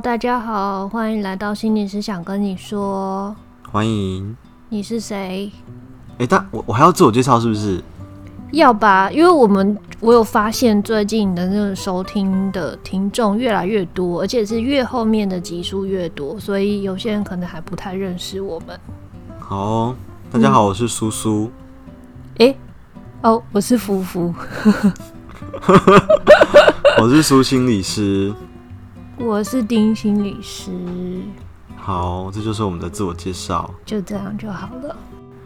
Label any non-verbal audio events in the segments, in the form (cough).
大家好，歡迎來到心理師想跟你說你。歡迎。你是誰？哎，但我我還要自我介紹是不是？要吧，因為我們我有發現最近的那種收聽的聽眾越來越多，而且是越後面的集數越多，所以有些人可能還不太認識我們。好、哦，大家好，嗯、我是蘇蘇。哎、欸，哦，我是芙芙。 (laughs) (laughs) 我是蘇心理師。我是丁心理師。好，這就是我們的自我介紹。就這樣就好了。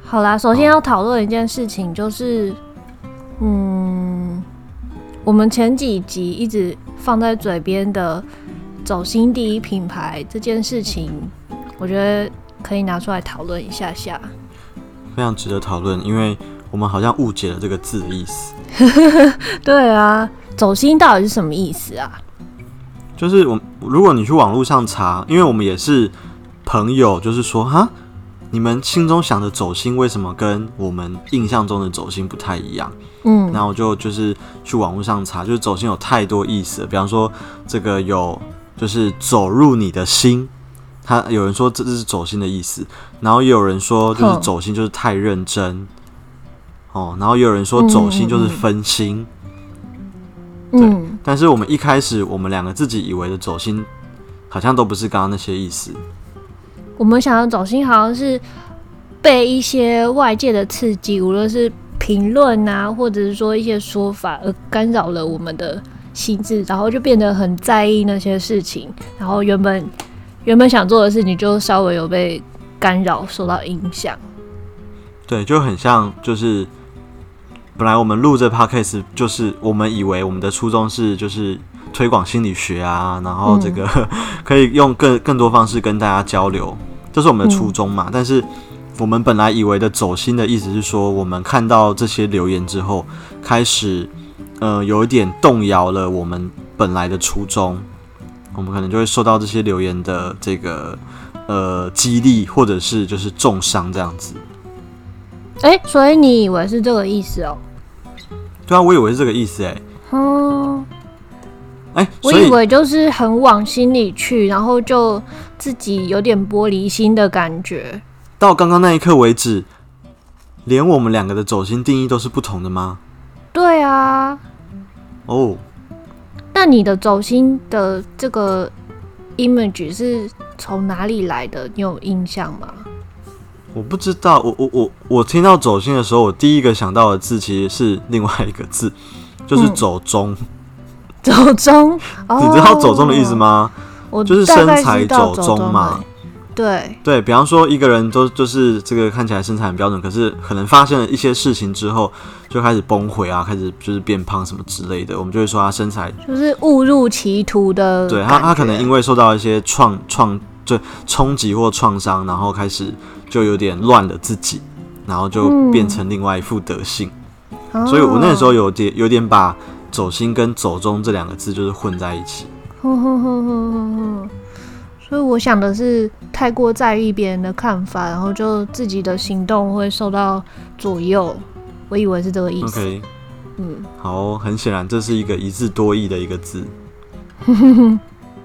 好啦，首先要討論一件事情，就是，oh. 嗯，我們前幾集一直放在嘴邊的“走心第一品牌”這件事情，我覺得可以拿出來討論一下下。非常值得討論，因為我們好像誤解了這個字的意思。 (laughs) 對啊，走心到底是什麼意思啊？就是我，如果你去網絡上查，因為我們也是朋友，就是說哈，你們心中想的走心，為什麼跟我們印象中的走心不太一樣？嗯，那我就就是去網絡上查，就是走心有太多意思了。比方說，這個有就是走入你的心，他有人說這是走心的意思，然後也有人說就是走心就是太認真，呵哦，然後也有人說走心就是分心。嗯嗯嗯嗯嗯，但是我們一開始，我們兩個自己以為的走心，好像都不是剛剛那些意思。嗯，我們想要走心，好像是被一些外界的刺激，無論是評論啊，或者是說一些說法，而干擾了我們的心智，然後就變得很在意那些事情，然後原本原本想做的事情就稍微有被干擾，受到影響。對，就很像就是。本來我們錄這 podcast 就是，我們以為我們的初衷是就是推廣心理學啊，然後這個 (laughs) 可以用更更多方式跟大家交流，這是我們的初衷嘛。嗯。但是我們本來以為的走心的意思是說，我們看到這些留言之後，開始呃有一點動搖了我們本來的初衷，我們可能就會受到這些留言的這個呃激勵，或者是就是重傷這樣子。哎、欸，所以你以為是這個意思哦？對啊，我以為是這個意思哎。哦，哎，我以為就是很往心裡去，然後就自己有點玻璃心的感覺。到剛剛那一刻為止，連我們兩個的走心定義都是不同的嗎？對啊。哦。那你的走心的這個 image 是從哪裡來的？你有印象嗎？我不知道，我我我我聽到“走心”的時候，我第一個想到的字其實是另外一個字，就是走、嗯“走鐘”。走鐘，你知道“走鐘”的意思嗎？就是身材走鐘嘛。對對，比方說，一個人都就是這個看起來身材很標準，可是可能發生了一些事情之後，就開始崩毀啊，開始就是變胖什麼之類的，我們就會說他身材就是誤入歧途的。對他，他可能因為受到一些創創就衝擊或創傷，然後開始。就有點亂了自己，然後就變成另外一副德性，嗯，所以我那時候有點有點把“走心”跟“走中”這兩個字就是混在一起。呵呵呵呵呵，所以我想的是，太過在意別人的看法，然後就自己的行動會受到左右。我以為是這個意思。Okay, 嗯，好，很顯然這是一個一字多義的一個字。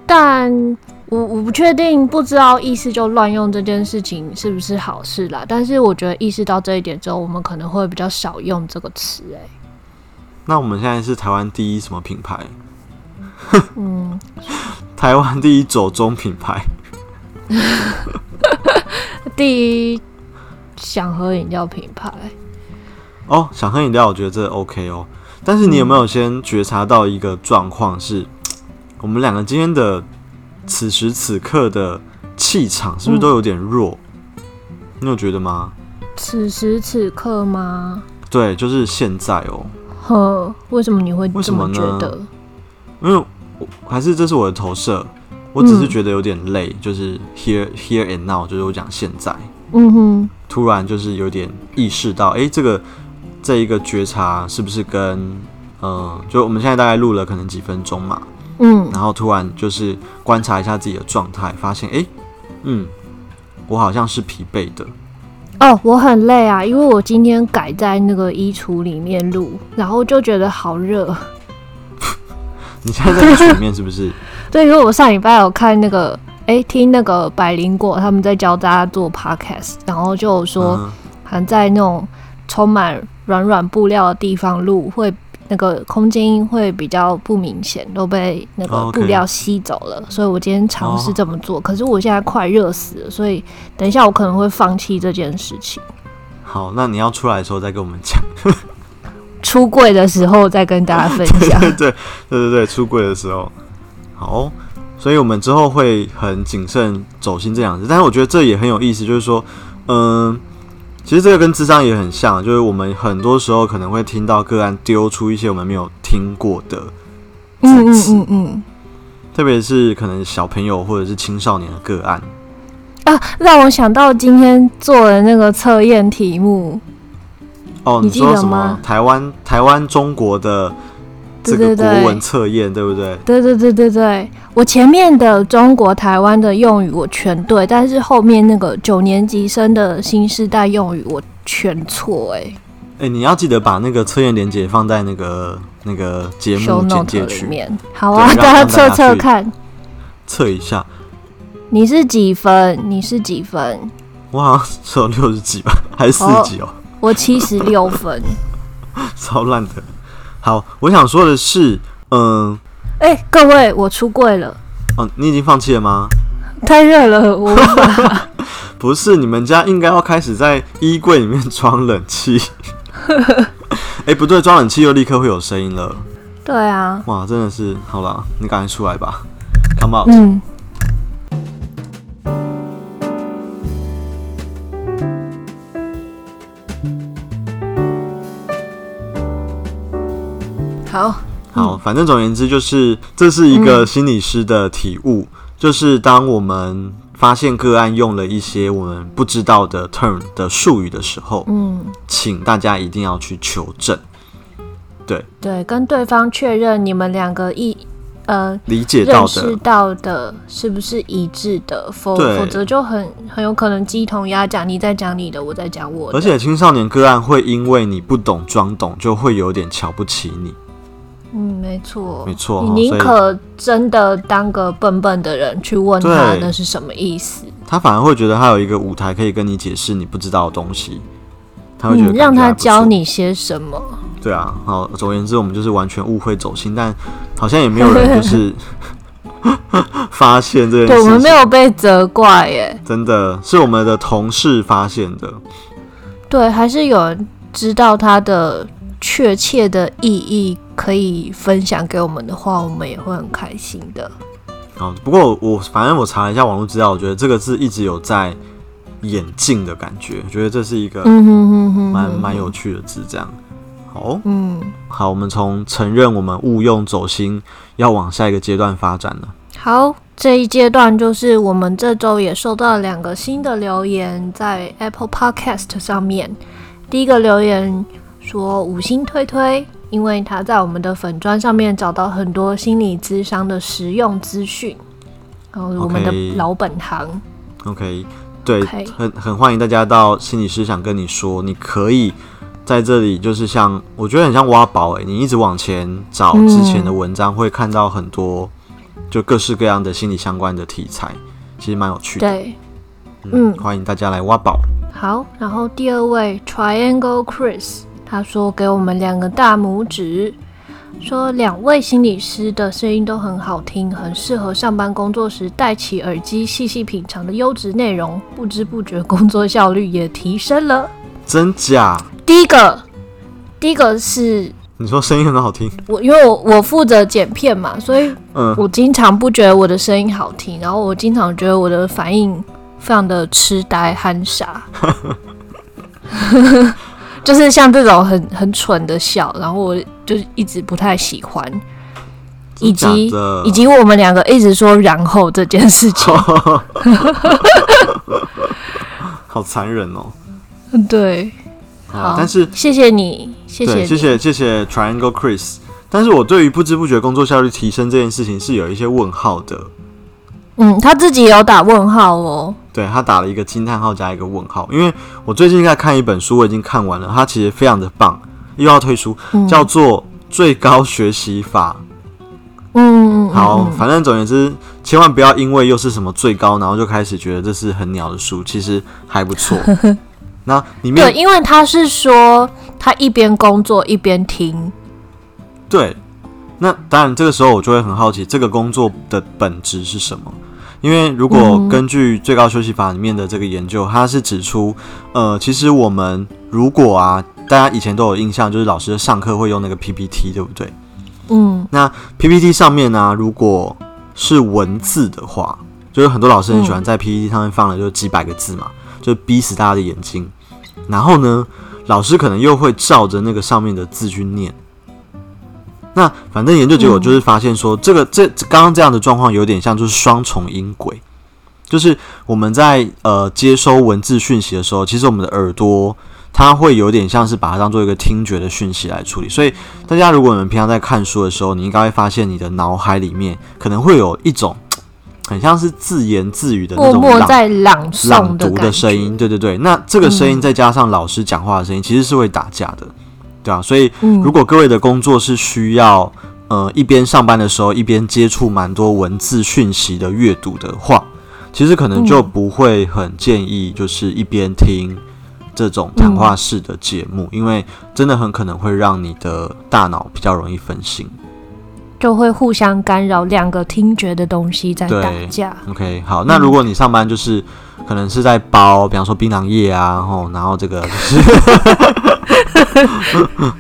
但。我我不確定，不知道意思就亂用這件事情是不是好事啦？但是我覺得意識到這一點之後，我們可能會比較少用這個詞哎、欸。那我們現在是台灣第一什麼品牌？嗯， (laughs) 台灣第一走中品牌 (laughs) 。 (laughs) 第一，想喝飲料品牌。哦，想喝飲料，我覺得這 OK 哦。但是你有沒有先覺察到一個狀況是，嗯、我們兩個今天的？此時此刻的氣場是不是都有點弱？嗯、你有覺得嗎？此時此刻嗎？對，就是現在哦、喔。呵，為什麼你會這麼覺得？為什麼呢？因為我還是這是我的投射，我只是覺得有點累。嗯、就是 here here and now，就是我講現在。嗯哼，突然就是有點意識到，哎、欸，這個這一個覺察是不是跟嗯、呃，就我們現在大概錄了可能幾分鐘嘛？嗯，然後突然就是觀察一下自己的狀態，發現哎、欸，嗯，我好像是疲憊的。哦，我很累啊，因為我今天改在那個衣櫥裡面錄，然後就覺得好熱。 (laughs) 你在衣櫥裡面是不是？ (laughs) 對，因為我上禮拜有看那個，哎、欸，聽那個百靈果他們在教大家做 podcast，然後就說還在那種充滿軟軟布料的地方錄會。那個空間會比較不明顯，都被那個布料吸走了，oh, okay. 所以我今天嘗試這麼做。Oh. 可是我現在快熱死了，所以等一下我可能會放棄這件事情。好，那你要出來的時候再跟我們講， (laughs) 出櫃的時候再跟大家分享。 (laughs) 對對對，對對對，出櫃的時候。好，所以我們之後會很謹慎走心這樣子。但是我覺得這也很有意思，就是說，嗯、呃。其實這個跟諮商也很像，就是我們很多時候可能會聽到個案丟出一些我們沒有聽過的嗯，嗯嗯嗯嗯，嗯，特別是可能小朋友或者是青少年的個案啊，讓我想到今天做的那個測驗題目。哦，你說什麼？台灣、台灣中國的。對對對，國文測驗對不對？對對對對，對，對我前面的中國台灣的用語我全對，但是後面那個九年級生的新世代用語我全錯哎、欸。哎、欸，你要記得把那個測驗連結放在那個那個節目簡介裡面。好啊，對大家測測看，測一下，你是幾分？你是幾分？我好像只有六十幾吧，還是四十幾哦？Oh, 我七十六分， (laughs) 超爛的。好，我想說的是，嗯，欸，各位，我出櫃了。啊，你已經放棄了嗎？太熱了，我不。 (laughs) 不是，你們家應該要開始在衣櫃裡面裝冷氣。哎、 (laughs) 欸，不對，裝冷氣又立刻會有聲音了。對啊。哇，真的是，好了，你趕緊出來吧。Come on。嗯。好，反正總言之，就是這是一個心理師的體悟，嗯，就是當我們發現個案用了一些我們不知道的 term 的術語的時候，嗯，請大家一定要去求證，對對，跟對方確認你們兩個一呃理解到的，知道的是不是一致的，對否否則就很很有可能雞同鴨講，你在講你的，我在講我的，而且青少年個案會因為你不懂裝懂，就會有點瞧不起你。嗯，沒錯，沒錯，沒錯，你寧可真的當個笨笨的人，所以，對，去問他，那是什麼意思？他反而會覺得他有一個舞台可以跟你解釋你不知道的東西。他會覺得感覺還不錯。嗯，讓他教你些什麼？對啊，好，總而言之，我們就是完全誤會走心，但好像也沒有人就是 (laughs) (laughs) 發現這件事情。對，我們沒有被責怪耶，真的是我們的同事發現的。對，還是有人知道他的確切的意義。可以分享給我們的話，我們也會很開心的。好、哦、不過我反正我查了一下網絡資料，我覺得這個字一直有在演進的感覺，我覺得這是一個蠻蠻有趣的字。這樣，好，嗯，好，我們從承認我們誤用走心，要往下一個階段發展了。好，這一階段就是我們這週也收到兩個新的留言，在 Apple Podcast 上面。第一個留言說五星推推。因為他在我們的粉專上面找到很多心理諮商的實用資訊，然後我們的老本行。OK，, okay. okay. 對，很很歡迎大家到心理師想跟你說，你可以在這裡，就是像我覺得很像挖寶哎、欸，你一直往前找之前的文章，會看到很多、嗯、就各式各樣的心理相關的題材，其實蠻有趣的。對，嗯，嗯，歡迎大家來挖寶。好，然後第二位 Triangle Chris。他說：“給我們兩個大拇指，說兩位心理師的聲音都很好聽，很適合上班工作時戴起耳機細細品嘗的優質內容，不知不覺工作效率也提升了。”真假？第一個，第一個是你說聲音很好聽，我因為我我負責剪片嘛，所以我經常不覺得我的聲音好聽，然後我經常覺得我的反應非常的痴呆憨傻。 (laughs) (laughs) 就是像這種很很蠢的笑，然後我就是一直不太喜歡，以及真的假的？以及我們兩個一直說然後這件事情， (laughs) (laughs) 好殘忍哦。對。好，但是謝謝你，謝謝謝謝謝謝 Triangle Chris。但是我對於不知不覺工作效率提升這件事情是有一些問號的。嗯，他自己也有打問號哦。對，他打了一個驚嘆號加一個問號，因為我最近在看一本書，我已經看完了，他其實非常的棒，又要推出，叫做《最高學習法》嗯好嗯。嗯，好，反正總而言之，千萬不要因為又是什麼最高，然後就開始覺得這是很鳥的書，其實還不錯。呵呵。那裡面，對，因為他是說他一邊工作一邊聽。對，那當然這個時候我就會很好奇，這個工作的本質是什麼？因為如果根據最高學習法裡面的這個研究，嗯、它是指出，呃，其實我們如果啊，大家以前都有印象，就是老師上課會用那個 PPT，對不對？嗯，那 PPT 上面呢、啊，如果是文字的話，就是很多老師很喜歡在 PPT 上面放了，就是幾百個字嘛，嗯、就逼死大家的眼睛。然後呢，老師可能又會照着那個上面的字去念。那反正研究結果就是發現說，這個這剛剛這樣的狀況有點像就是雙重音軌，就是我們在呃接收文字訊息的時候，其實我們的耳朵它會有點像是把它當做一個聽覺的訊息來處理。所以大家如果我們平常在看書的時候，你應該會發現你的腦海裡面可能會有一種很像是自言自語的那種在朗,朗朗讀的聲音。對對對，那這個聲音再加上老師講話的聲音，其實是會打架的。對啊，所以如果各位的工作是需要、嗯、呃一邊上班的時候一邊接觸蠻多文字訊息的閱讀的話，其實可能就不會很建議就是一邊聽這種談話式的節目，嗯、因為真的很可能會讓你的大腦比較容易分心。就會互相干擾，兩個聽覺的東西在打架對。OK，好，那如果你上班就是可能是在包，嗯、比方說檳榔葉啊，然後然後這個，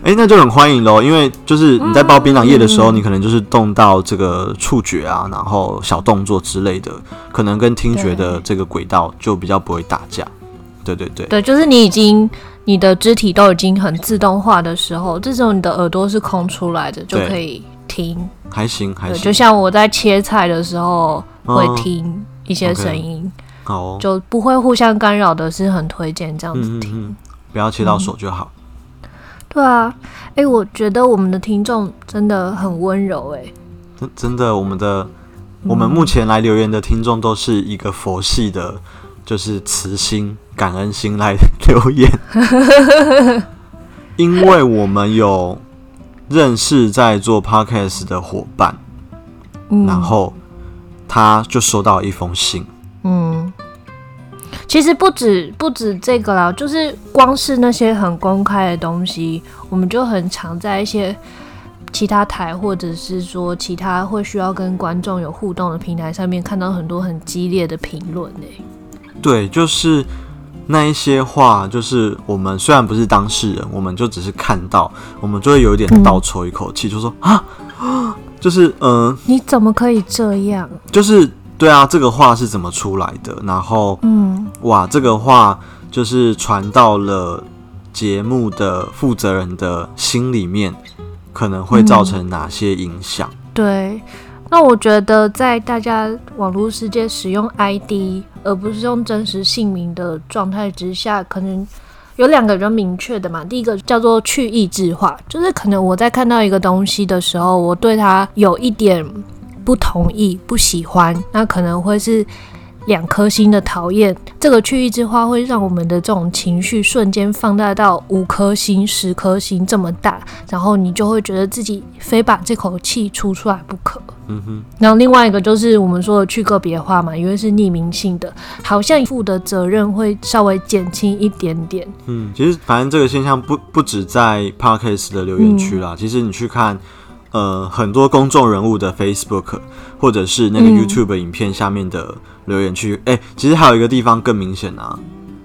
哎，那就很歡迎嘍。因為就是你在包檳榔葉的時候，嗯、你可能就是動到這個觸覺啊，然後小動作之類的，可能跟聽覺的這個軌道就比較不會打架。對,對對對，對，就是你已經你的肢體都已經很自動化的時候，這時候你的耳朵是空出來的，對就可以。聽還行還行，就像我在切菜的時候會聽一些聲音，啊 okay, 哦、就不會互相干擾的，是很推薦這樣子聽。嗯嗯嗯，不要切到手就好。嗯、對啊，哎、欸，我覺得我們的聽眾真的很溫柔、欸，哎，真真的。我們的我們目前來留言的聽眾都是一個佛系的，就是慈心感恩心來留言， (laughs) 因為我們有。認識在做 Podcast 的夥伴，嗯、然後他就收到一封信。嗯，其實不止不止這個啦，就是光是那些很公開的東西，我們就很常在一些其他台，或者是說其他會需要跟觀眾有互動的平台上面，看到很多很激烈的評論誒。對，就是。那一些話，就是我們雖然不是當事人，我們就只是看到，我們就會有一點倒抽一口氣，嗯、就說啊，就是嗯，呃、你怎麼可以這樣？就是對啊，這個話是怎麼出來的？然後，嗯，哇，這個話就是傳到了節目的負責人的心裡面，可能會造成哪些影響、嗯？對。那我覺得，在大家網絡世界使用 ID 而不是用真實姓名的狀態之下，可能有兩個比較明確的嘛。第一個叫做去抑制化，就是可能我在看到一個東西的時候，我對它有一點不同意、不喜歡，那可能會是。兩顆星的討厭，這個去抑制化會讓我們的這種情緒瞬間放大到五顆星、十顆星這麼大，然後你就會覺得自己非把這口氣出出來不可。嗯哼。然後另外一個就是我們說的去個別化嘛，因為是匿名性的，好像負的責任會稍微減輕一點點。嗯，其實反正這個現象不不止在 podcast 的留言區啦，嗯、其實你去看。呃，很多公眾人物的 Facebook 或者是那個 YouTube 影片下面的留言區，哎、嗯欸，其實還有一個地方更明顯啊，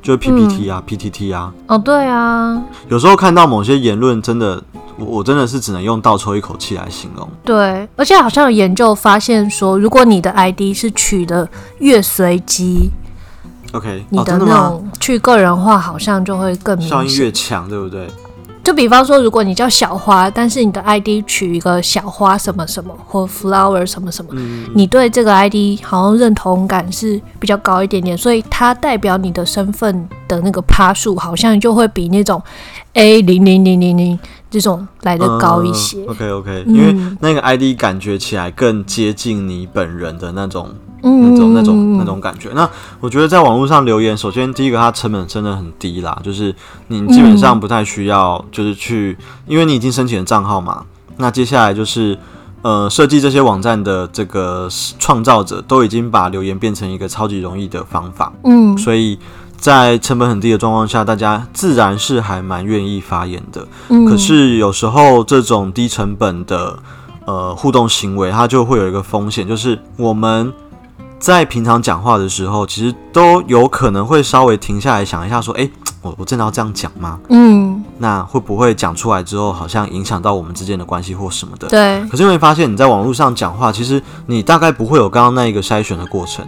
就是 PPT 啊、嗯、PTT 啊。哦，對啊，有時候看到某些言論，真的我，我真的是只能用倒抽一口氣來形容。對，而且好像有研究發現說，如果你的 ID 是取的越隨機，OK，你的，哦、的那種去個人化，好像就會更明顯，效應越強，對不對？就比方說，如果你叫小花，但是你的 ID 取一個小花什麼什麼，或 flower 什麼什麼，嗯、你對這個 ID 好像認同感是比較高一點點，所以它代表你的身份的那個趴數，好像就會比那種 A 零零零零零這種來得高一些。嗯、OK OK，、嗯、因為那個 ID 感覺起來更接近你本人的那種。那種那種那種感覺。那我覺得在網絡上留言，首先第一個它成本真的很低啦，就是你基本上不太需要，就是去，嗯、因為你已經申請了賬號嘛。那接下來就是，呃，設計這些網站的這個創造者都已經把留言變成一個超級容易的方法。嗯，所以在成本很低的狀況下，大家自然是還蠻願意發言的。嗯、可是有時候這種低成本的呃互動行為，它就會有一個風險，就是我們。在平常講話的時候，其實都有可能會稍微停下來想一下，說：“誒、欸，我我真的要這樣講嗎？”嗯，那會不會講出來之後，好像影響到我們之間的關係或什麼的？對。可是因為你會發現，你在網絡上講話，其實你大概不會有剛剛那一個篩選的過程，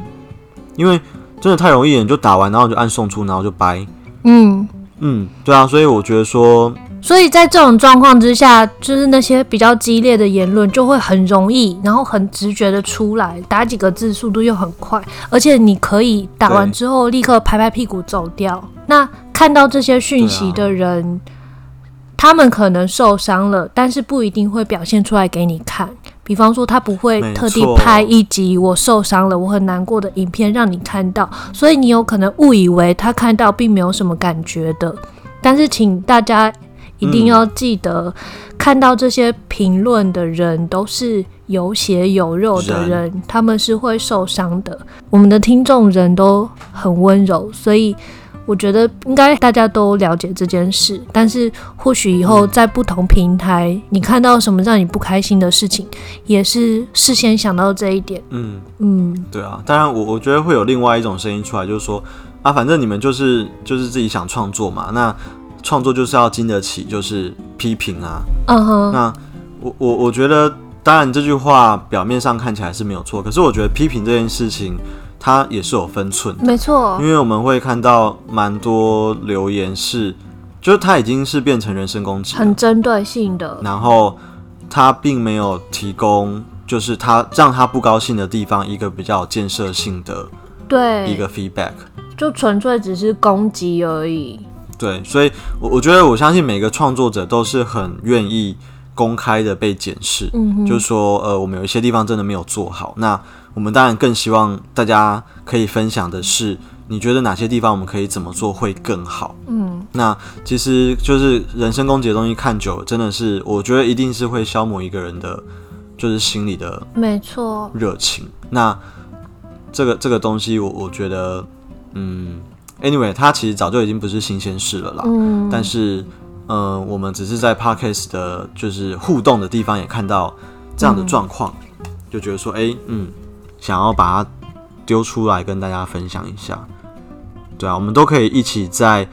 因為真的太容易，人就打完，然後你就按送出，然後就掰。嗯嗯，對啊，所以我覺得說。所以在這種狀況之下，就是那些比較激烈的言論就會很容易，然後很直覺的出來，打幾個字速度又很快，而且你可以打完之後立刻拍拍屁股走掉。對那看到這些訊息的人，啊、他們可能受傷了，但是不一定會表現出來給你看。比方說，他不會特地拍一集我受傷了，我很難過的影片讓你看到，所以你有可能誤以為他看到並沒有什麼感覺的。但是，請大家。一定要記得，嗯、看到這些評論的人都是有血有肉的人，然他們是會受傷的。我們的聽眾人都很溫柔，所以我覺得應該大家都了解這件事。但是或許以後在不同平台，嗯、你看到什麼讓你不開心的事情，也是事先想到這一點。嗯嗯，嗯對啊。當然，我我覺得會有另外一種聲音出來，就是說啊，反正你們就是就是自己想創作嘛，那。創作就是要經得起，就是批評啊。嗯哼、uh-huh. 那我我我覺得，當然這句話表面上看起來是沒有錯，可是我覺得批評這件事情，它也是有分寸的。沒錯，因為我們會看到蠻多留言是，就是他已經是變成人身攻擊，很針對性的。然後他並沒有提供，就是他讓他不高興的地方一個比較有建設性的，對，一個 feedback，就純粹只是攻擊而已。對，所以，我我覺得，我相信每個創作者都是很願意公開的被檢視。嗯哼，就是說，呃，我們有一些地方真的沒有做好，那我們當然更希望大家可以分享的是，你覺得哪些地方我們可以怎麼做會更好？嗯，那其實就是人身攻擊的東西，看久了真的是，我覺得一定是會消磨一個人的，就是心裡的，沒錯，熱情。錯那這個這個東西我，我我覺得，嗯。Anyway，他其實早就已經不是新鮮事了啦。嗯、但是，嗯、呃，我們只是在 Podcast 的，就是互動的地方也看到這樣的狀況，嗯、就覺得說，哎、欸，嗯，想要把它丟出來跟大家分享一下。對啊，我們都可以一起在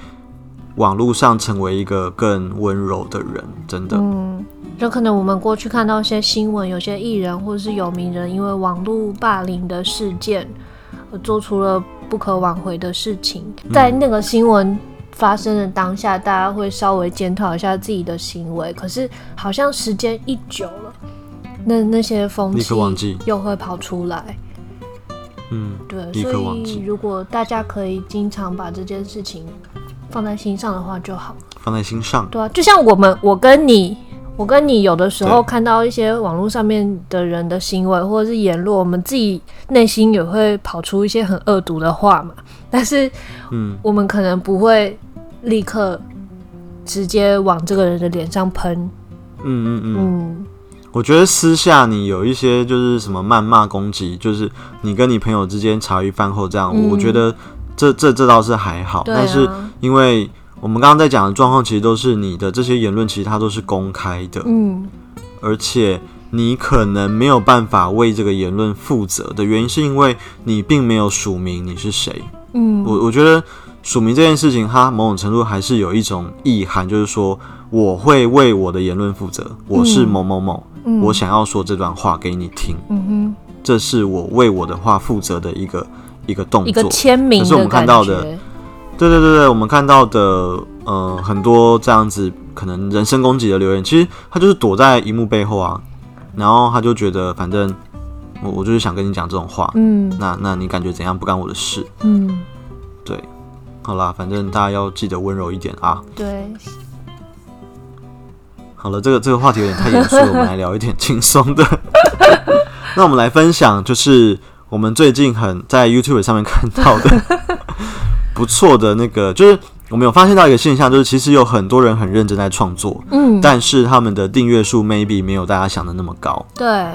網絡上成為一個更溫柔的人，真的。嗯。就可能我們過去看到一些新聞，有些藝人或是有名人因為網絡霸凌的事件。做出了不可挽回的事情，在那個新聞發生的當下，嗯、大家會稍微檢討一下自己的行為。可是，好像時間一久了，那那些風氣又會跑出來。嗯，對。立刻忘記。所以如果大家可以經常把這件事情放在心上的話，就好。放在心上。對啊，就像我們，我跟你。我跟你有的時候看到一些網絡上面的人的行為對或者是言論，我們自己內心也會跑出一些很惡毒的話嘛，但是我們可能不會立刻直接往這個人的臉上噴，嗯。嗯嗯嗯，嗯我覺得私下你有一些就是什麼謾罵攻擊，就是你跟你朋友之間茶餘飯後這樣，嗯、我覺得這這這倒是還好，啊、但是因為。我們剛剛在講的狀況，其實都是你的這些言論，其實它都是公開的。嗯，而且你可能沒有辦法為這個言論負責的原因，是因為你並沒有署名你是誰。嗯，我我覺得署名這件事情，它某種程度還是有一種意涵，就是說我會為我的言論負責，我是某某某，嗯，我想要說這段話給你聽。嗯哼，這是我為我的話負責的一個一個動作，一個簽名的。可是我們看到的。對對對對，我們看到的呃很多這樣子可能人身攻擊的留言，其實他就是躲在熒幕背後啊，然後他就覺得反正我我就是想跟你講這種話，嗯，那那你感覺怎樣？不干我的事，嗯，對，好啦，反正大家要記得溫柔一點啊。對，好了，這個這個話題有點太嚴肅，我們來聊一點輕鬆的。 (laughs) 那我們來分享，就是我們最近很在 YouTube 上面看到的。 (laughs) 不錯的那個，就是我們有發現到一個現象，就是其實有很多人很認真在創作，嗯，但是他們的訂閱數 maybe 沒有大家想的那麼高。對，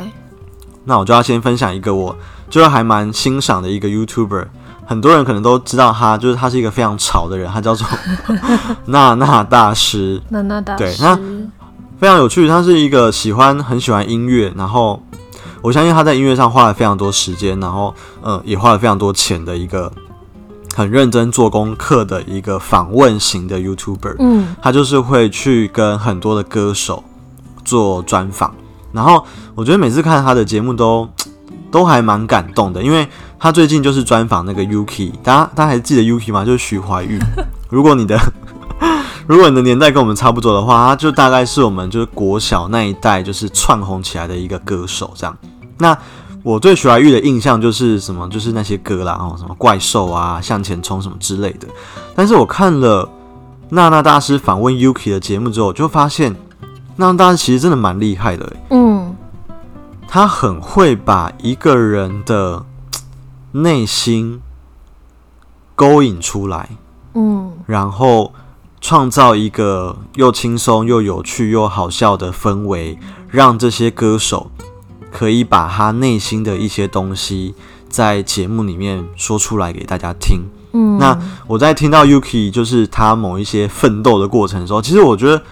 那我就要先分享一個我就是還蠻欣賞的一個 YouTuber，很多人可能都知道他，就是他是一個非常潮的人，他叫做 (laughs) 那那大師。那那大師，對，他非常有趣，他是一個喜歡很喜歡音樂，然後我相信他在音樂上花了非常多時間，然後呃、嗯、也花了非常多錢的一個。很認真做功課的一個訪問型的 YouTuber，嗯，他就是會去跟很多的歌手做專訪，然後我覺得每次看他的節目都都還蠻感動的，因為他最近就是專訪那個 Yuki，大家大家還記得 Yuki 嗎？就是徐懷鈺。如果你的呵呵，如果你的年代跟我們差不多的話，他就大概是我們就是國小那一代就是竄紅起來的一個歌手這樣。那我對徐懷鈺的印象就是什麼，就是那些歌啦，哦，什麼怪獸啊、向前衝什麼之類的。但是我看了娜娜大師訪問 Yuki 的節目之後，我就發現娜娜大師其實真的蠻厲害的欸。嗯，他很會把一個人的內心勾引出來，嗯，然後創造一個又輕鬆又有趣又好笑的氛圍，讓這些歌手，可以把他內心的一些東西在節目裡面說出來給大家聽。嗯，那我在聽到 Yuki 就是他某一些奮鬥的過程的時候，其實我覺得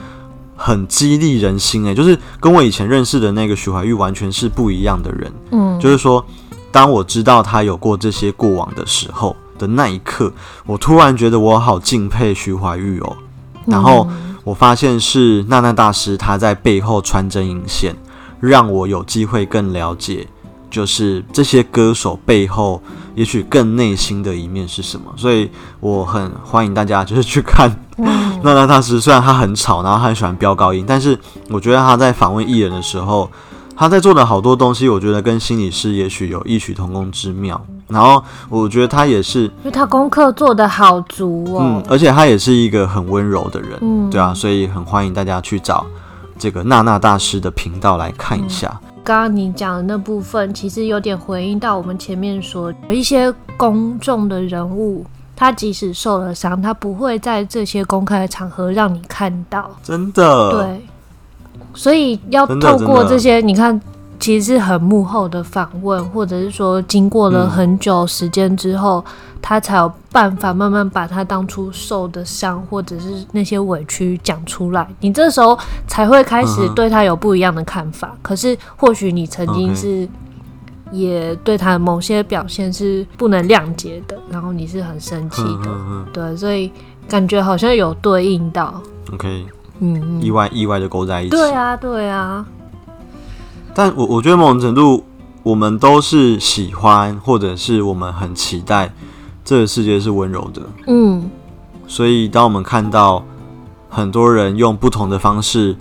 很激勵人心誒、欸，就是跟我以前認識的那個徐懷鈺完全是不一樣的人。嗯，就是說，當我知道他有過這些過往的時候的那一刻，我突然覺得我好敬佩徐懷鈺哦。然後我發現是那那大師他在背後穿針引線。讓我有機會更了解，就是這些歌手背後也許更內心的一面是什麼，所以我很歡迎大家就是去看、嗯。那那 (laughs) 大，大師雖然他很吵，然後他很喜歡飆高音，但是我覺得他在訪問藝人的時候，他在做的好多東西，我覺得跟心理師也許有異曲同工之妙。然後我覺得他也是，因為他功課做得好足哦，嗯，而且他也是一個很溫柔的人，嗯，對啊，所以很歡迎大家去找。這個那那大師的頻道來看一下，嗯。剛剛你講的那部分，其實有點回應到我們前面說，有一些公眾的人物，他即使受了傷，他不會在這些公開的場合讓你看到。真的。對。所以要透過這些，你看。其實是很幕後的訪問，或者是說經過了很久時間之後，嗯、他才有辦法慢慢把他當初受的傷或者是那些委屈講出來。你這時候才會開始對他有不一樣的看法。呵呵，可是或許你曾經是也對他某些表現是不能諒解的，呵呵呵然後你是很生氣的。呵呵呵對，所以感覺好像有對應到。OK，嗯，意外意外的勾在一起。對啊，對啊。但我我覺得某種程度，我們都是喜歡，或者是我們很期待這個世界是溫柔的。嗯。所以當我們看到很多人用不同的方式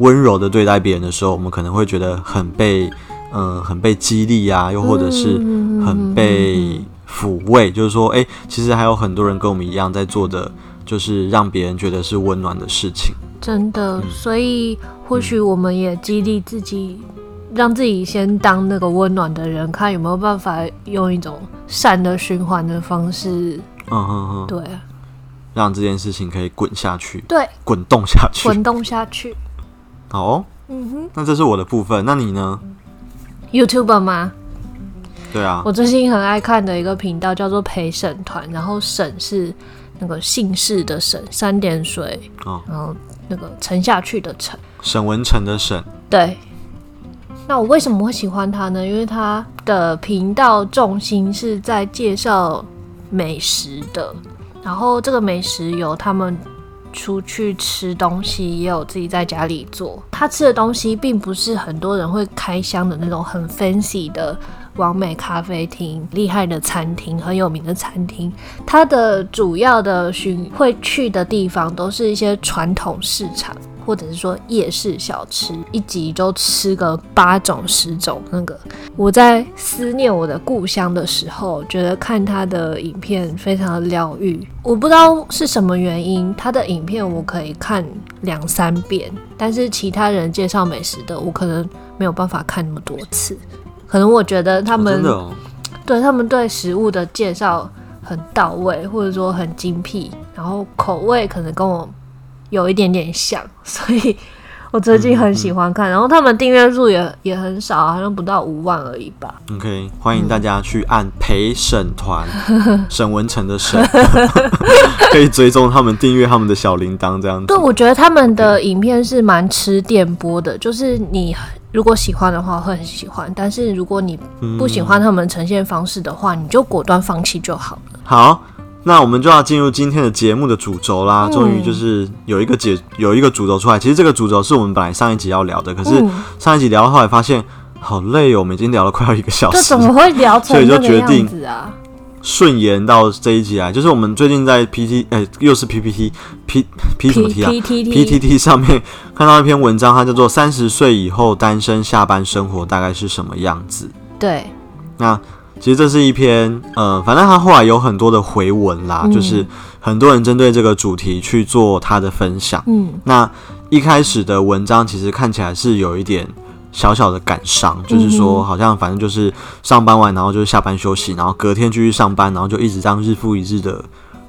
溫柔的對待別人的時候，我們可能會覺得很被嗯、呃、很被激勵呀、啊，又或者是很被撫慰。嗯、就是說，哎、欸，其實還有很多人跟我們一樣在做的，就是讓別人覺得是溫暖的事情。真的，所以或許我們也激勵自己。嗯嗯讓自己先當那個溫暖的人，看有沒有辦法用一種善的循環的方式，嗯、哼哼對，讓這件事情可以滾下去，對，滾動下去，滾動下去。好、哦，嗯哼，那這是我的部分，那你呢？YouTuber 嗎？對啊，我最近很愛看的一個頻道叫做《陪沈團》，然後“沈”是那個姓氏的“沈”，三點水，哦、然後那個沉下去的“沉”，沈文程的“沈”，對。那我為什麼會喜歡他呢？因為他的頻道重心是在介紹美食的，然後這個美食有他們出去吃東西，也有自己在家裡做。他吃的東西並不是很多人會開箱的那種很 fancy 的網美咖啡廳，厲害的餐廳，很有名的餐廳。它的主要的巡迴去的地方，都是一些傳統市場，或者是說夜市小吃，一集就吃個八種十種那個。我在思念我的故鄉的時候，覺得看他的影片非常的療癒。我不知道是什麼原因，他的影片我可以看兩三遍，但是其他人介紹美食的，我可能沒有辦法看那麼多次。可能我覺得他們、哦，哦、對他們對食物的介紹很到位，或者說很精闢，然後口味可能跟我有一點點像，所以我最近很喜歡看。嗯嗯、然後他們訂閱數也也很少，好像不到五萬而已吧。OK，歡迎大家去按陪審团、嗯、 (laughs) 沈文成的沈， (laughs) 可以追蹤他們訂閱他們的小鈴鐺這樣子。對，我覺得他們的影片是蠻吃電波的，Okay. 就是你。如果喜歡的話會很喜歡，但是如果你不喜歡他們呈現方式的話，嗯、你就果斷放棄就好。好，那我們就要進入今天的節目的主軸啦。嗯、終於就是有一個解，有一個主軸出來。其實這個主軸是我們本來上一集要聊的，可是上一集聊後來發現好累哦，我們已經聊了快要一個小時，這怎麼會聊成這 (laughs) 個樣子啊？順延到這一集來，啊，就是我們最近在 PT 哎、欸，又是 PPT，P P 什麼 T 啊 PTT。PTT 上面看到一篇文章，它叫做《三十歲以後單身下班生活大概是什麼樣子》。對。那其實這是一篇，呃，反正它後來有很多的回文啦，嗯、就是很多人針對這個主題去做它的分享。嗯。那一開始的文章其實看起來是有一點。小小的感傷，就是說，好像反正就是上班完，然後就是下班休息，然後隔天繼續上班，然後就一直這樣日復一日的，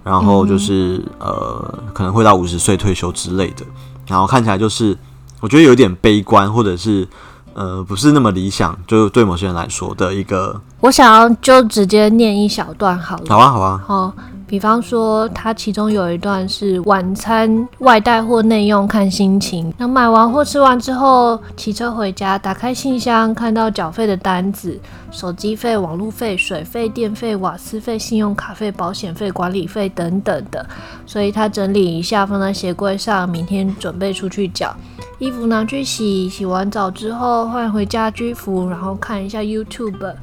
然後就是呃，可能會到五十歲退休之類的，然後看起來就是我覺得有點悲觀，或者是呃不是那麼理想，就是對某些人來說的一個。我想要就直接念一小段好了。好啊，好啊。好、哦，比方說，它其中有一段是：晚餐外帶或內用看心情。等買完或吃完之後，騎車回家，打開信箱，看到繳費的單子：手機費、網路費、水費、電費、瓦斯費、信用卡費、保險費、管理費等等的。所以他整理一下，放在鞋櫃上，明天準備出去繳。衣服拿去洗，洗完澡之後換回家居服，然後看一下 YouTube。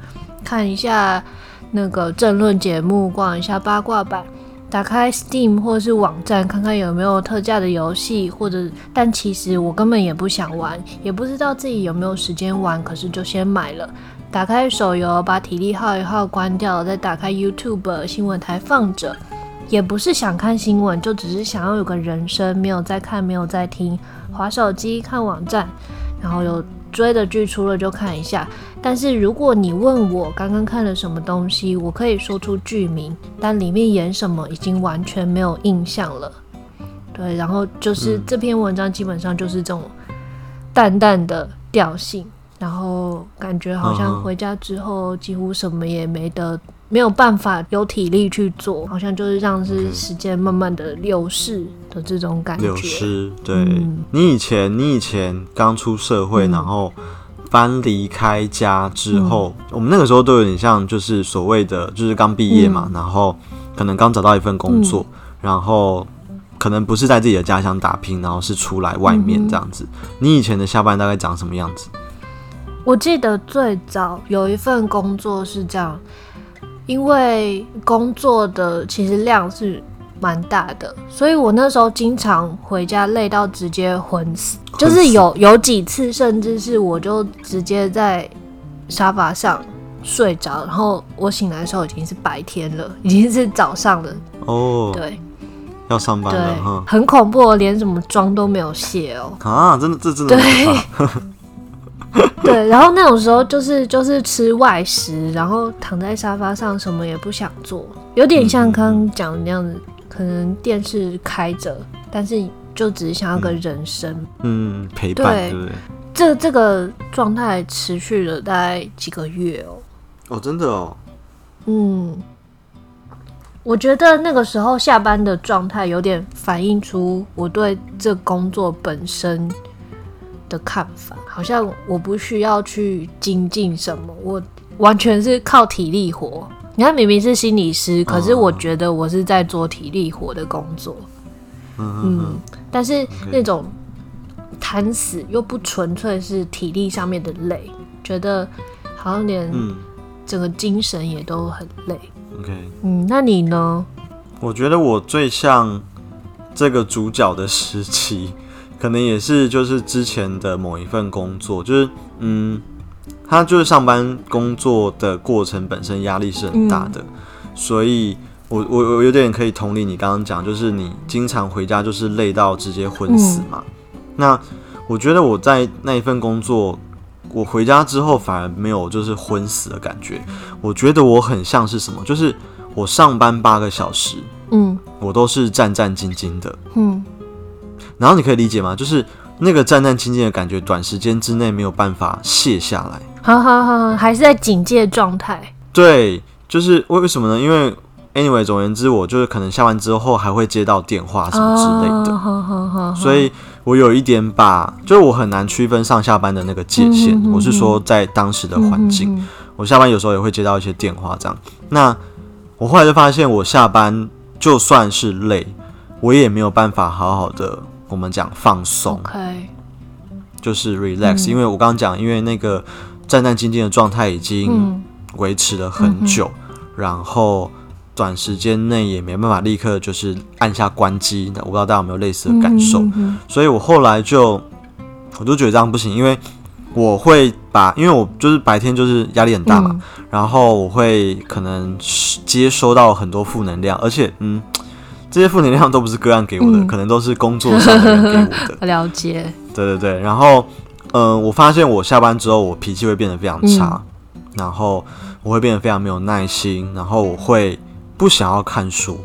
看一下那個政論節目，逛一下八卦版，打開 Steam 或是網站看看有沒有特價的遊戲，或者……但其實我根本也不想玩，也不知道自己有沒有時間玩，可是就先買了。打開手遊，把體力耗一耗，關掉，再打開 YouTube 新聞台放着，也不是想看新聞，就只是想要有個人聲，沒有在看，沒有在聽，滑手機看網站，然後有。追的劇出了就看一下，但是如果你問我剛剛看了什麼東西，我可以說出劇名，但裡面演什麼已經完全沒有印象了。對，然後就是這篇文章基本上就是這種淡淡的調性，然後感覺好像回家之後幾乎什麼也沒得，uh huh. 沒有辦法有體力去做，好像就是讓是時間慢慢的流逝。的這種感覺，流失。對，嗯、你以前，你以前剛出社會，嗯、然後搬離開家之後，嗯、我們那個時候都有點像，就是所謂的，就是剛畢業嘛，嗯、然後可能剛找到一份工作，嗯、然後可能不是在自己的家鄉打拼，然後是出來外面這樣子。嗯、你以前的下班大概長什麼樣子？我記得最早有一份工作是這樣，因為工作的其實量是、嗯。蠻大的，所以我那時候經常回家累到直接昏死，混死就是有有幾次甚至是我就直接在沙發上睡着然後我醒來的時候已經是白天了，已經是早上了。哦，對，要上班了。對呵很恐怖，連什麼妝都沒有卸哦、喔。啊，真的，這真的對，沒怕 (laughs) 對。然後那種時候就是就是吃外食，然後躺在沙發上什麼也不想做，有點像剛剛講的那樣子。嗯嗯嗯可能電視開着，但是就只是想要個人生嗯，嗯，陪伴。對，對這，這個狀態持續了大概幾個月哦、喔。哦，真的哦。嗯，我覺得那個時候下班的狀態有點反映出我對這工作本身的看法，好像我不需要去精進什麼，我完全是靠體力活。你看，明明是心理師，可是我覺得我是在做體力活的工作。哦、嗯呵呵，但是那種，談死又不純粹是體力上面的累，嗯、覺得好像連整個精神也都很累。OK、嗯。嗯，那你呢？我覺得我最像這個主角的時期，可能也是就是之前的某一份工作，就是嗯。他就是上班工作的過程本身壓力是很大的，嗯、所以我我我有點可以同理你剛剛講，就是你經常回家就是累到直接昏死嘛。嗯、那我覺得我在那一份工作，我回家之後反而沒有就是昏死的感覺。我覺得我很像是什麼，就是我上班八個小時，嗯，我都是戰戰兢兢的，嗯。然後你可以理解嗎？就是。那個戰戰兢兢的感覺，短時間之內沒有辦法卸下來。好好好，還是在警戒狀態。對，就是為為什麼呢？因為 anyway，總而言之我，我就是可能下班之後還會接到電話什麼之類的。哦，好好好。所以我有一點把，就是我很難區分上下班的那個界限。嗯哼嗯哼。我是說，在當時的環境，嗯哼嗯哼。我下班有時候也會接到一些電話，這樣。那我後來就發現，我下班就算是累，我也沒有辦法好好的。我們講放鬆，Okay. 就是 relax、嗯、因為我剛剛講，因為那個戰戰兢兢的狀態已經維持了很久，嗯嗯、然後短時間內也沒辦法立刻就是按下關機。我不知道大家有沒有類似的感受，嗯哼嗯哼，所以我後來就我就覺得這樣不行，因為我會把，因為我就是白天就是壓力很大嘛，嗯、然後我會可能接收到很多負能量，而且嗯。這些負能量都不是個案給我的，嗯、可能都是工作上給我的。嗯、呵呵了解。對對對，然後，嗯、呃，我發現我下班之後，我脾氣會變得非常差，嗯、然後我會變得非常沒有耐心，然後我會不想要看書。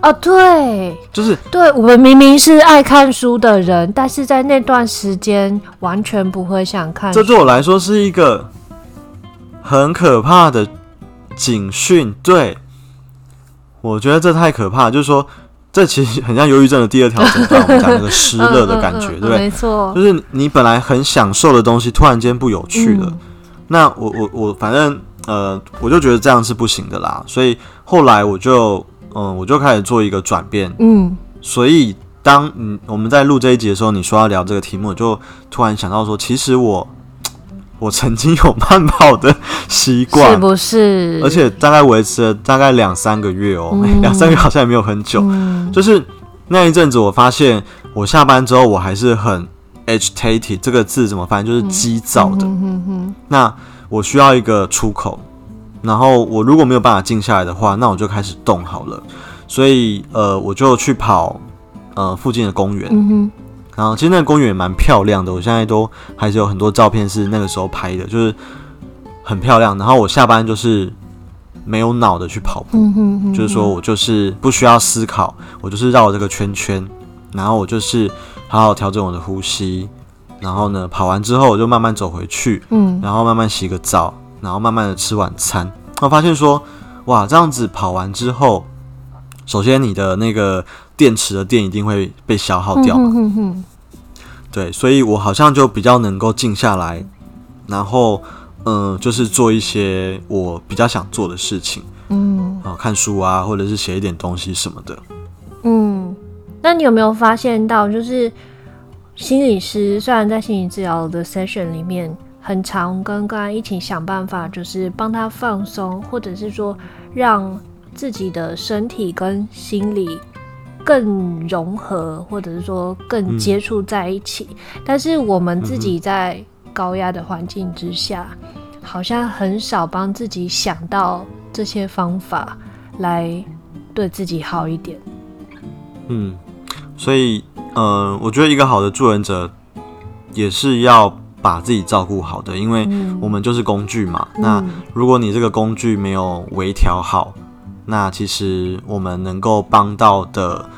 啊，對，就是，對，我們明明是愛看書的人，但是在那段時間完全不會想看書。這對我來說是一個很可怕的警訊，對，我覺得這太可怕，就是說。這其實很像憂鬱症的第二條診斷， (laughs) 我們講那個失樂的感覺， (laughs) 嗯嗯嗯、對不對？沒錯，就是你本來很享受的東西，突然間不有趣了。嗯、那我我我，我反正呃，我就覺得這樣是不行的啦。所以後來我就嗯、呃，我就開始做一個轉變。嗯，所以當嗯我們在錄這一集的時候，你說要聊這個題目，我就突然想到說，其實我。我曾經有慢跑的習慣，是不是？而且大概維持了大概兩三個月哦，嗯、欸、兩三個月好像也沒有很久。嗯、就是那一陣子，我發現我下班之後我還是很 agitated，這個字怎麼翻？就是急躁的。嗯嗯、哼哼哼。那我需要一個出口，然後我如果沒有辦法靜下來的話，那我就開始動好了。所以呃，我就去跑呃附近的公園。嗯然後其實那個公園也蠻漂亮的，我現在都還是有很多照片是那個時候拍的，就是很漂亮。然後我下班就是沒有腦的去跑步，哼哼哼哼就是說我就是不需要思考，我就是繞這個圈圈，然後我就是好好調整我的呼吸，然後呢跑完之後我就慢慢走回去，嗯，然後慢慢洗個澡，然後慢慢的吃晚餐。我發現說，哇，這樣子跑完之後，首先你的那個。電池的電一定會被消耗掉嘛？嗯、哼哼對，所以我好像就比較能夠靜下來，然後嗯、呃，就是做一些我比較想做的事情，嗯，啊，看書啊，或者是寫一點東西什麼的，嗯。那你有沒有發現到，就是心理師雖然在心理治療的 session 裡面，很常跟客人一起想辦法，就是幫他放鬆，或者是說讓自己的身體跟心理。更融合，或者是說更接觸在一起，嗯、但是我們自己在高壓的環境之下，嗯、好像很少幫自己想到這些方法來對自己好一點。嗯，所以，呃，我覺得一個好的助人者也是要把自己照顧好的，因為我們就是工具嘛。嗯、那如果你這個工具沒有微調好，那其實我們能夠幫到的，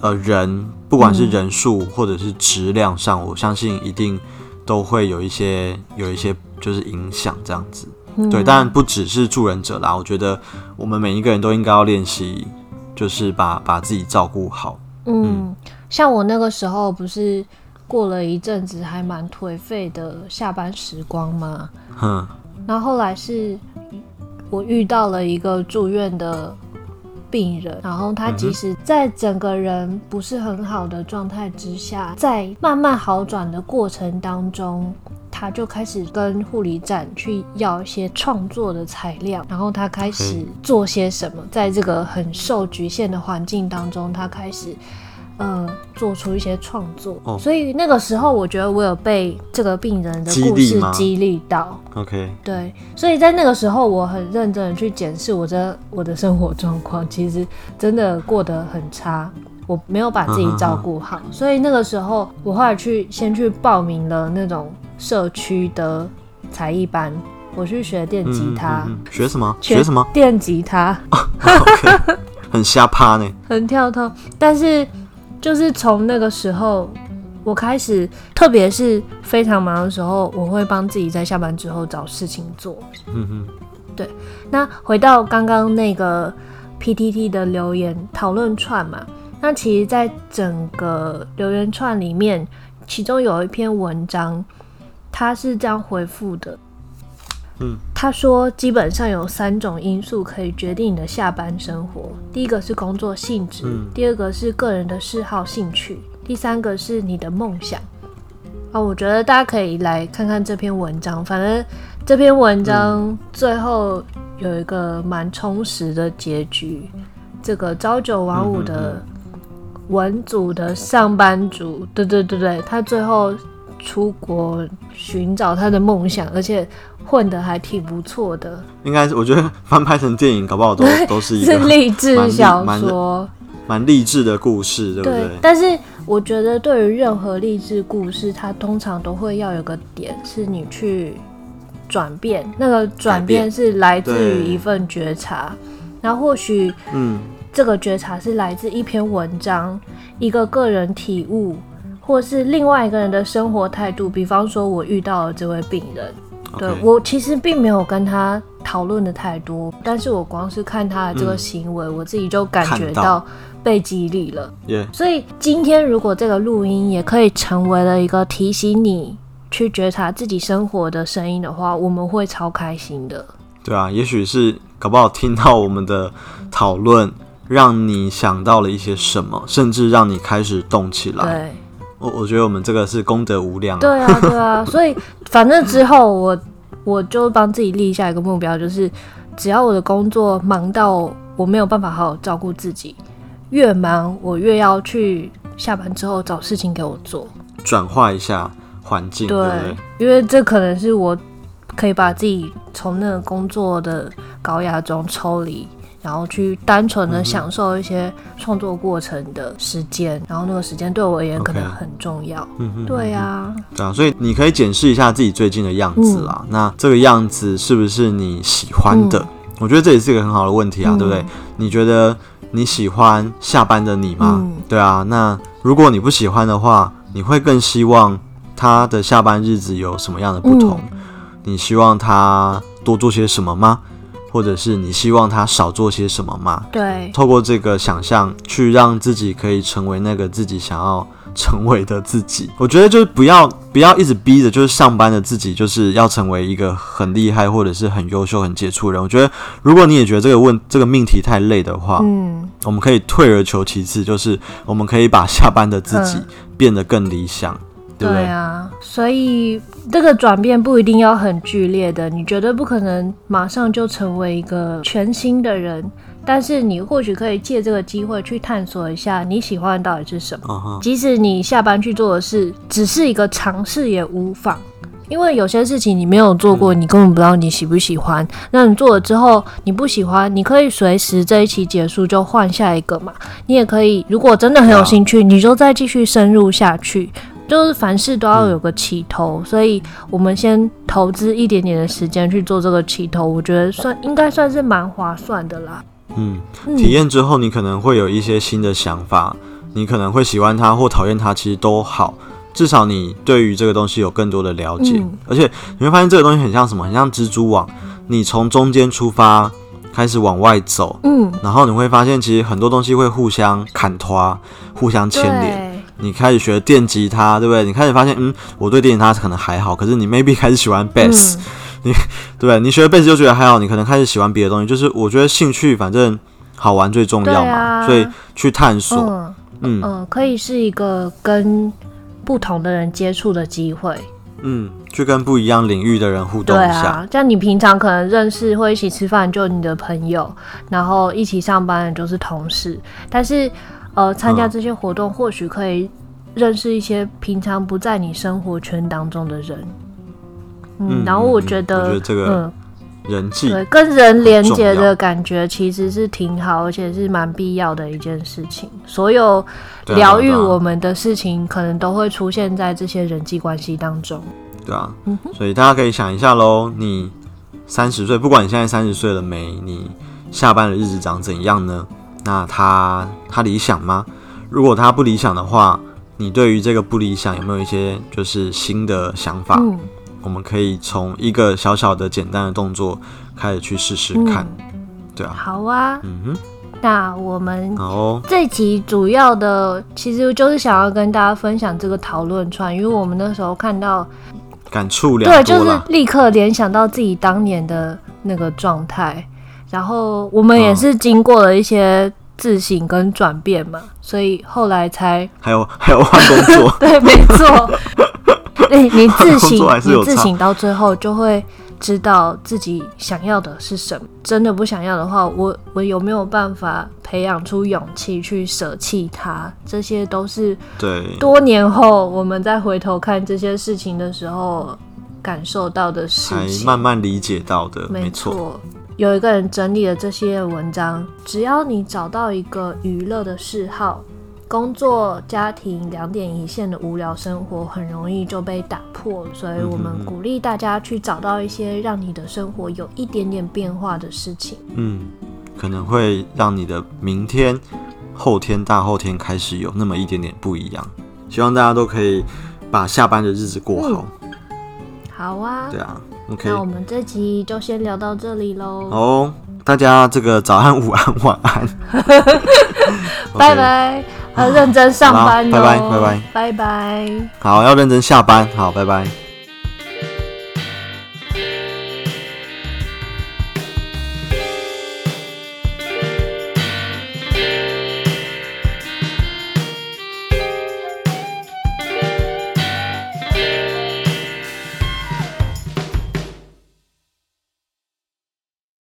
呃，人不管是人數或者是質量上，嗯，我相信一定都會有一些有一些就是影響這樣子。嗯，對，但不只是助人者啦，我覺得我們每一個人都應該要練習，就是把把自己照顧好。嗯，嗯，像我那個時候不是過了一陣子還蠻頹廢的下班時光嗎？嗯，然後後來是。我遇到了一個住院的病人，然後他即使在整個人不是很好的狀態之下，在慢慢好轉的過程當中，他就開始跟護理站去要一些創作的材料，然後他開始做些什麼，在這個很受局限的環境當中，他開始。呃，做出一些創作，oh. 所以那個時候我覺得我有被這個病人的故事激勵到。OK，對，所以在那個時候我很認真的去檢視我這我的生活狀況，其實真的過得很差，我沒有把自己照顧好。Uh huh huh. 所以那個時候我後來去先去報名了那種社區的才藝班，我去學電吉他，學什麼？學什麼？學什麼電吉他，oh. Okay. (laughs) 很瞎趴呢，很跳脫，但是。就是從那個時候，我開始，特別是非常忙的時候，我會幫自己在下班之後找事情做。嗯哼，對。那回到剛剛那個 PTT 的留言討論串嘛，那其實在整個留言串裡面，其中有一篇文章，它是這樣回復的。他說基本上有三種因素可以決定你的下班生活，第一個是工作性質，第二個是個人的嗜好興趣，第三個是你的夢想。啊，我覺得大家可以來看看這篇文章，反正這篇文章最後有一個蠻充實的結局。這個朝九晚五的文組的上班族，對對對對，他最後。出國尋找他的夢想，而且混得還挺不錯的，應該是我覺得翻拍成電影，搞不好都對都是一個勵志小說，蠻勵志的故事，對不對？對但是我覺得對於任何勵志故事，它通常都會要有一個點，是你去轉變，那個轉變是來自於一份覺察，對然後或許嗯，這個覺察是來自一篇文章，嗯、一個個人體悟。或是另外一個人的生活態度，比方說，我遇到了這位病人，Okay. 對我其實並沒有跟他討論的太多，但是我光是看他的這個行為，嗯、我自己就感覺到被激勵了。Yeah. 所以今天如果這個錄音也可以成為了一個提醒你去覺察自己生活的聲音的話，我們會超開心的。對啊，也許是搞不好聽到我們的討論，嗯、讓你想到了一些什麼，甚至讓你開始動起來。對我我覺得我們這個是功德無量啊。對啊，對啊， (laughs) 所以反正之後我我就幫自己立下一個目標，就是只要我的工作忙到我沒有辦法好好照顧自己，越忙我越要去下班之後找事情給我做，轉化一下環境。對，不因為這可能是我可以把自己從那個工作的高壓中抽離。然後去單純的享受一些創作過程的時間，嗯、哼然後那個時間對我而言可能很重要。Okay. 對啊，對啊，所以你可以檢視一下自己最近的樣子啦。嗯、那這個樣子是不是你喜歡的？嗯、我覺得這也是一個很好的問題啊，嗯、對不對？你覺得你喜歡下班的你嗎？嗯、對啊。那如果你不喜歡的話，你會更希望他的下班日子有什麼樣的不同？嗯、你希望他多做些什麼嗎？或者是你希望他少做些什麼嗎？對，透過這個想象去讓自己可以成為那個自己想要成為的自己。我覺得就是不要不要一直逼着就是上班的自己就是要成為一個很厲害或者是很優秀很傑出的人。我覺得如果你也覺得這個問這個命題太累的話，嗯，我們可以退而求其次，就是我們可以把下班的自己變得更理想，嗯、對不對？對啊所以這個轉變不一定要很劇烈的，你絕對不可能馬上就成為一個全新的人。但是你或許可以借這個機會去探索一下你喜歡到底是什麼。Uh huh. 即使你下班去做的事只是一個嘗試也無妨，因為有些事情你沒有做過，嗯、你根本不知道你喜不喜歡。那你做了之後，你不喜歡，你可以隨時這一期結束就換下一個嘛。你也可以，如果真的很有興趣，好你就再繼續深入下去。就是凡事都要有個起頭，嗯、所以我們先投資一點點的時間去做這個起頭，我覺得算應該算是蠻划算的啦。嗯，體驗之後你可能會有一些新的想法，你可能會喜歡它或討厭它，其實都好，至少你對於這個東西有更多的了解。嗯、而且你會發現這個東西很像什麼？很像蜘蛛網，你從中間出發開始往外走，嗯，然後你會發現其實很多東西會互相砍拖，互相牽連。你開始學電吉他，對不對？你開始發現，嗯，我對電吉他可能還好，可是你 maybe 開始喜歡 bass、嗯、你對不對？你學 bass 就覺得還好，你可能開始喜歡別的東西。就是我覺得興趣，反正好玩最重要嘛，啊、所以去探索。嗯，嗯，嗯可以是一個跟不同的人接觸的機會。嗯，去跟不一樣領域的人互動一下。啊、像你平常可能認識或一起吃飯就你的朋友，然後一起上班就是同事，但是。呃，參加這些活動、嗯、或許可以認識一些平常不在你生活圈當中的人，嗯，嗯，然後我覺得、嗯、我覺得這個人際、嗯、跟人連接的感覺其實是挺好，而且是蠻必要的一件事情。所有療癒我們的事情，可能都會出現在這些人際關係當中，對啊，對啊，嗯哼，所以大家可以想一下嘍，你三十歲，不管你現在三十歲了沒，你下班的日子長怎樣呢？那他他理想嗎？如果他不理想的話，你對於這個不理想有沒有一些就是新的想法？嗯，我們可以從一個小小的簡單的動作開始去試試看，嗯、對啊。好啊，嗯哼，那我們好哦，這集主要的其實就是想要跟大家分享這個討論串，因為我們那時候看到感觸良多，對，就是立刻聯想到自己當年的那個狀態。然後我們也是經過了一些自省跟轉變嘛，嗯、所以後來才還有還有換工作， (laughs) 對，沒錯。 (laughs) 你，你自省，你自省到最後就會知道自己想要的是什麼。真的不想要的話，我我有沒有辦法培養出勇氣去捨棄它？這些都是對。多年後我們再回頭看這些事情的時候，感受到的是慢慢理解到的，沒錯。沒錯有一個人整理了這些文章，只要你找到一個娛樂的嗜好，工作、家庭兩點一線的無聊生活很容易就被打破。所以我們鼓勵大家去找到一些讓你的生活有一點點變化的事情。嗯，可能會讓你的明天、後天、大後天開始有那麼一點點不一樣。希望大家都可以把下班的日子過好。嗯，好啊。對啊。Okay. 那我們這集就先聊到這裡嘍。好、哦，大家這個早安、午安、晚安， (laughs) (laughs) Okay 拜拜，啊、要認真上班，拜拜，拜拜，拜拜，拜拜，好，要認真下班，好，拜拜。